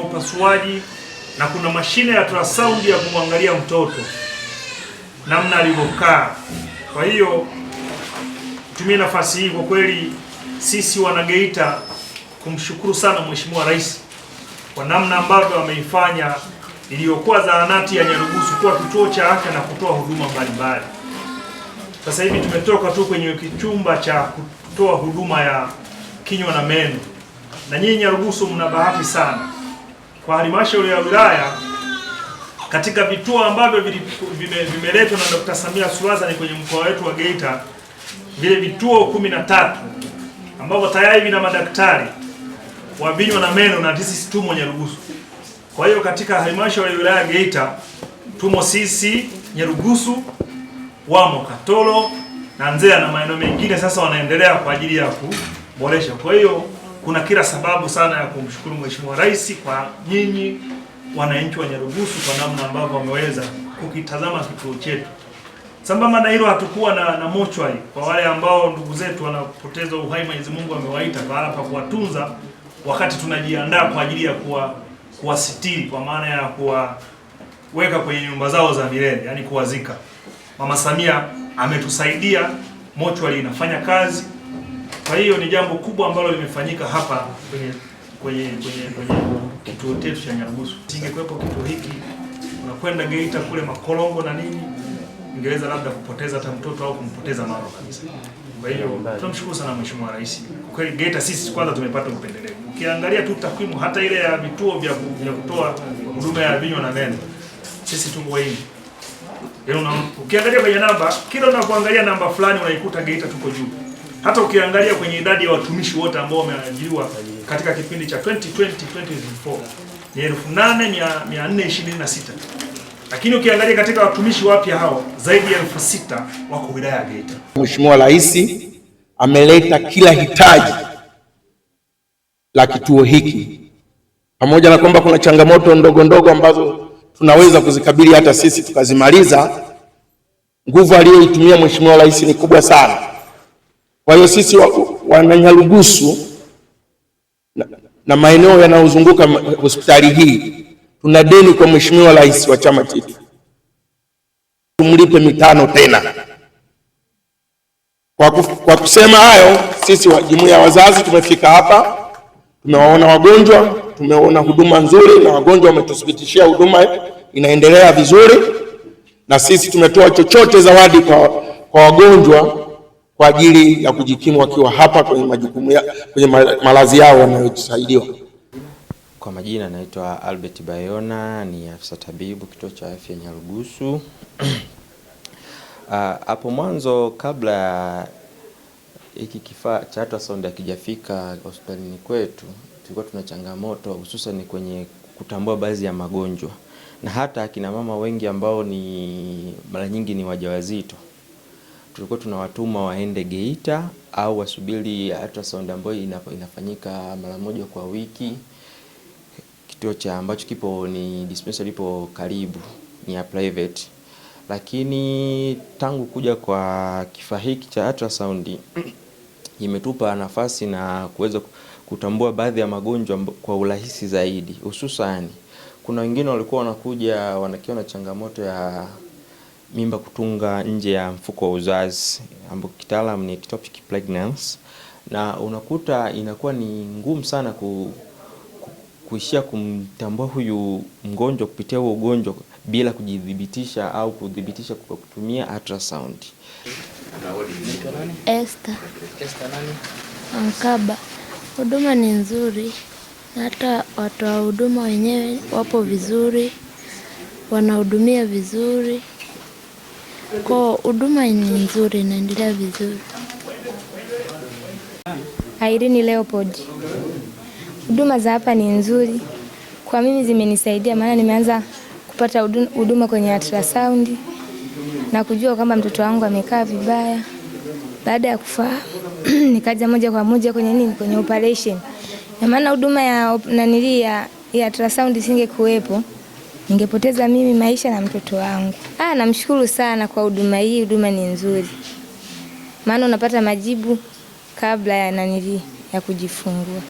upasuaji na kuna mashine ya ultrasound ya kumwangalia mtoto namna alivyokaa. Kwa hiyo tumie nafasi hii kwa kweli sisi wanageita kumshukuru sana Mheshimiwa Rais kwa namna ambavyo ameifanya iliyokuwa zahanati ya Nyarugusu kuwa kituo cha afya na kutoa huduma mbalimbali. Sasa hivi tumetoka tu kwenye kichumba cha kutoa huduma ya kinywa na meno, na nyinyi Nyarugusu mna bahati sana kwa halmashauri ya wilaya katika vituo ambavyo vimeletwa na Dr. Samia Suluhu Hassan kwenye mkoa wetu wa Geita, vile vituo kumi na tatu ambavyo tayari vina madaktari wa vinywa na meno na sisi tumo Nyarugusu. Kwa hiyo katika halmashauri ya wilaya Geita tumo sisi Nyarugusu, wamo Katoro na Nzea na maeneo mengine, sasa wanaendelea kwa ajili ya kuboresha. Kwa hiyo kuna kila sababu sana ya kumshukuru Mheshimiwa Rais kwa nyinyi wananchi wa Nyarugusu kwa namna ambavyo wameweza kukitazama kituo chetu. Sambamba na hilo, hatukuwa na, na mochwari kwa wale ambao ndugu zetu wanapoteza uhai. Mwenyezi Mungu amewaita pahala pa kuwatunza wakati tunajiandaa kwa ajili ya kuwa kuwasitiri kwa maana ya kuwaweka kwenye nyumba zao za milele, yani kuwazika. Mama Samia ametusaidia, mochwari inafanya kazi. Kwa hiyo ni jambo kubwa ambalo limefanyika hapa kwenye kwenye kwenye kwenye kituo chetu cha Nyarugusu. Ingekuwepo kituo hiki, unakwenda Geita kule Makolongo na nini, ingeweza labda kupoteza hata mtoto au kumpoteza mama kabisa. Kwa hiyo tunamshukuru sana Mheshimiwa Rais. Kwa kweli Geita sisi kwanza tumepata upendeleo. Ukiangalia tu takwimu hata ile ya vituo vya vya kutoa huduma ya vinywa na meno, sisi tuko wengi. Yaani ukiangalia kwenye namba, kila unapoangalia namba fulani unaikuta Geita tuko juu. Hata ukiangalia kwenye idadi ya watumishi wote ambao wameajiriwa katika kipindi cha 2020 2024 ni 8426 lakini ukiangalia katika watumishi wapya hao zaidi ya elfu sita wako wilaya ya Geita. Mheshimiwa Rais ameleta kila hitaji la kituo hiki, pamoja na kwamba kuna changamoto ndogo ndogo ambazo tunaweza kuzikabili hata sisi tukazimaliza. Nguvu aliyoitumia Mheshimiwa Rais ni kubwa sana. Kwa hiyo sisi wananyarugusu na, na maeneo yanayozunguka hospitali hii tuna deni kwa Mheshimiwa Rais wa chama chetu, tumlipe mitano tena. Kwa, kuf, kwa kusema hayo, sisi wa jumuiya ya wazazi tumefika hapa, tumewaona wagonjwa, tumeona huduma nzuri, na wagonjwa wametuthibitishia huduma inaendelea vizuri, na sisi tumetoa chochote zawadi kwa, kwa wagonjwa kwa ajili ya kujikimu wakiwa hapa kwenye majukumu ya, kwenye malazi yao wanayosaidiwa. Kwa majina naitwa Albert Bayona, ni afisa tabibu kituo cha afya Nyarugusu. Ah, hapo uh, mwanzo kabla ya hiki kifaa cha ultrasound hakijafika hospitalini kwetu, tulikuwa tuna changamoto hususan kwenye kutambua baadhi ya magonjwa na hata akina mama wengi ambao ni mara nyingi ni wajawazito tulikuwa tunawatuma waende Geita au wasubiri ultrasound ambayo inafanyika mara moja kwa wiki. Kituo cha ambacho kipo ni dispensary ipo karibu, ni ya private. Lakini tangu kuja kwa kifaa hiki cha ultrasound imetupa nafasi na kuweza kutambua baadhi ya magonjwa kwa urahisi zaidi, hususani kuna wengine walikuwa wanakuja wanakiwa na changamoto ya mimba kutunga nje ya mfuko wa uzazi ambayo kitaalamu ni ectopic pregnancy, na unakuta inakuwa ni ngumu sana ku, ku, kuishia kumtambua huyu mgonjwa kupitia huo ugonjwa bila kujithibitisha au kudhibitisha kwa kutumia ultrasound. Esther Ankaba, huduma ni nzuri na hata watoa huduma wenyewe wapo vizuri, wanahudumia vizuri. Kwa huduma ni nzuri, inaendelea vizuri. Irene Leopold, huduma za hapa ni nzuri kwa mimi, zimenisaidia maana nimeanza kupata huduma kwenye ultrasound na kujua kwamba mtoto wangu amekaa vibaya. Baada ya kufa nikaja moja kwa moja kwenye nini, kwenye operation, maana huduma ya nanili ya ultrasound singekuwepo ningepoteza mimi maisha na mtoto wangu. Ah, namshukuru sana kwa huduma hii, huduma ni nzuri, maana unapata majibu kabla ya nanili ya kujifungua.